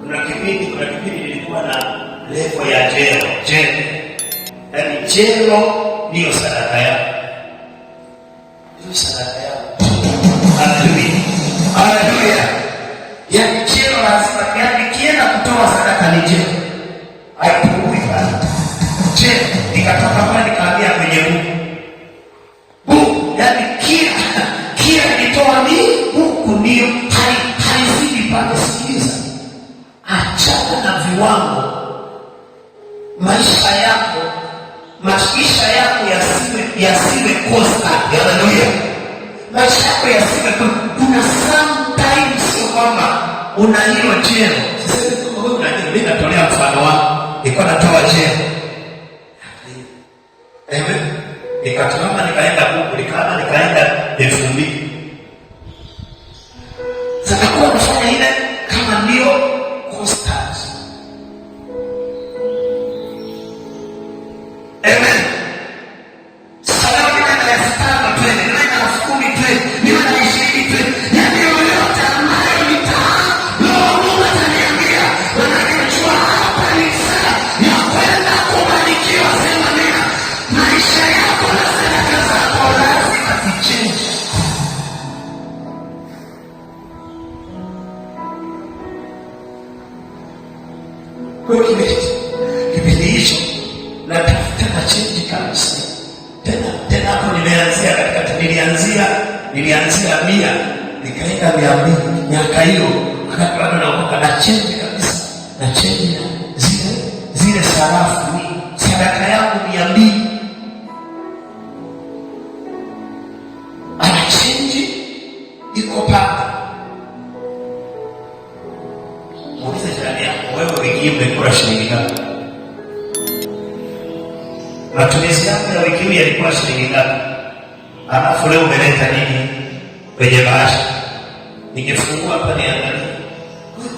Kuna kipindi kuna kipindi nilikuwa na levo ya jero jero, yaani jero ndiyo sadaka yako, ndiyo sadaka yako. Haleluya! Yaani jero lazima, yaani kienda kutoa sadaka ni jero, haipungui bana jero. Nikatoka pale nikaambia kwenye Mungu yaani kila kila nitoa ujirani maisha yako, maisha yako yasiwe yasiwe Haleluya, maisha yako yasiwe. Kuna sometimes sio kwamba una hilo jeno, sisemi natolea mfano wako, natoa nikaenda nikaenda elfu mbili Amen. change kabisa tena tena. Hapo nimeanzia katikati, nilianzia nilianzia mia nikaenda mia mbili miaka hiyo, wakati bado naokoka, na change kabisa, na change zile zile sarafu, sadaka yangu mia mbili matumizi yangu ya wiki hii yalikuwa shilingi ngapi? Alafu leo umeleta nini kwenye bahasha? Ningefungua hapa niangalie.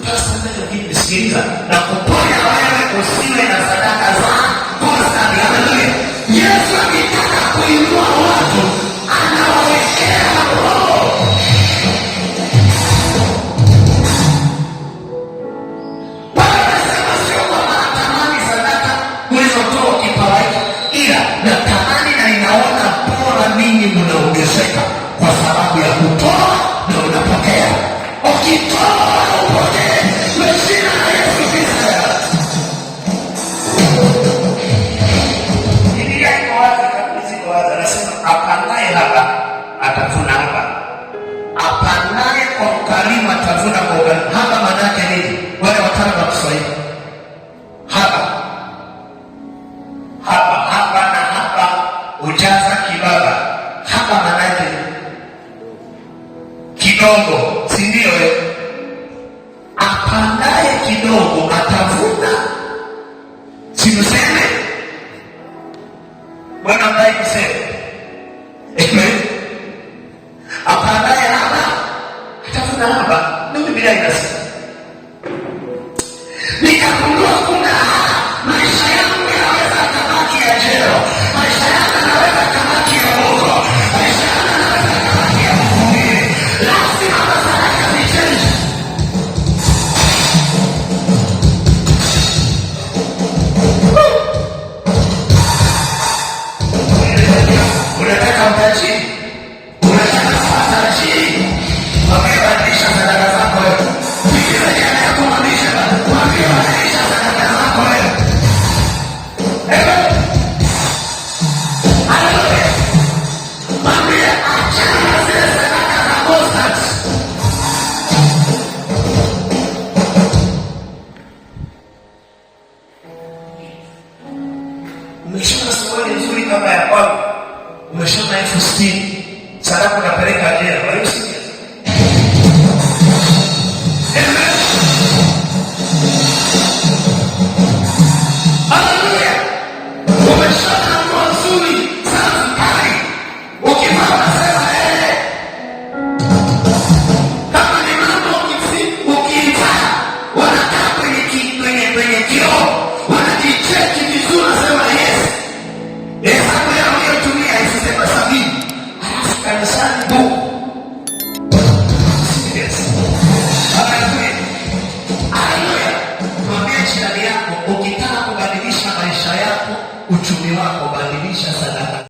Sasa mimi nisikiliza na kuponya wewe usiwe na sadaka za kosa. Yesu kidogo, si ndio? Eh? Apandaye kidogo atavuna, si mseme? Bwana mdai mseme umeshinda suruali nzuri kama ya kwangu, umeshinda elfu sitini, sarafu napeleka jela.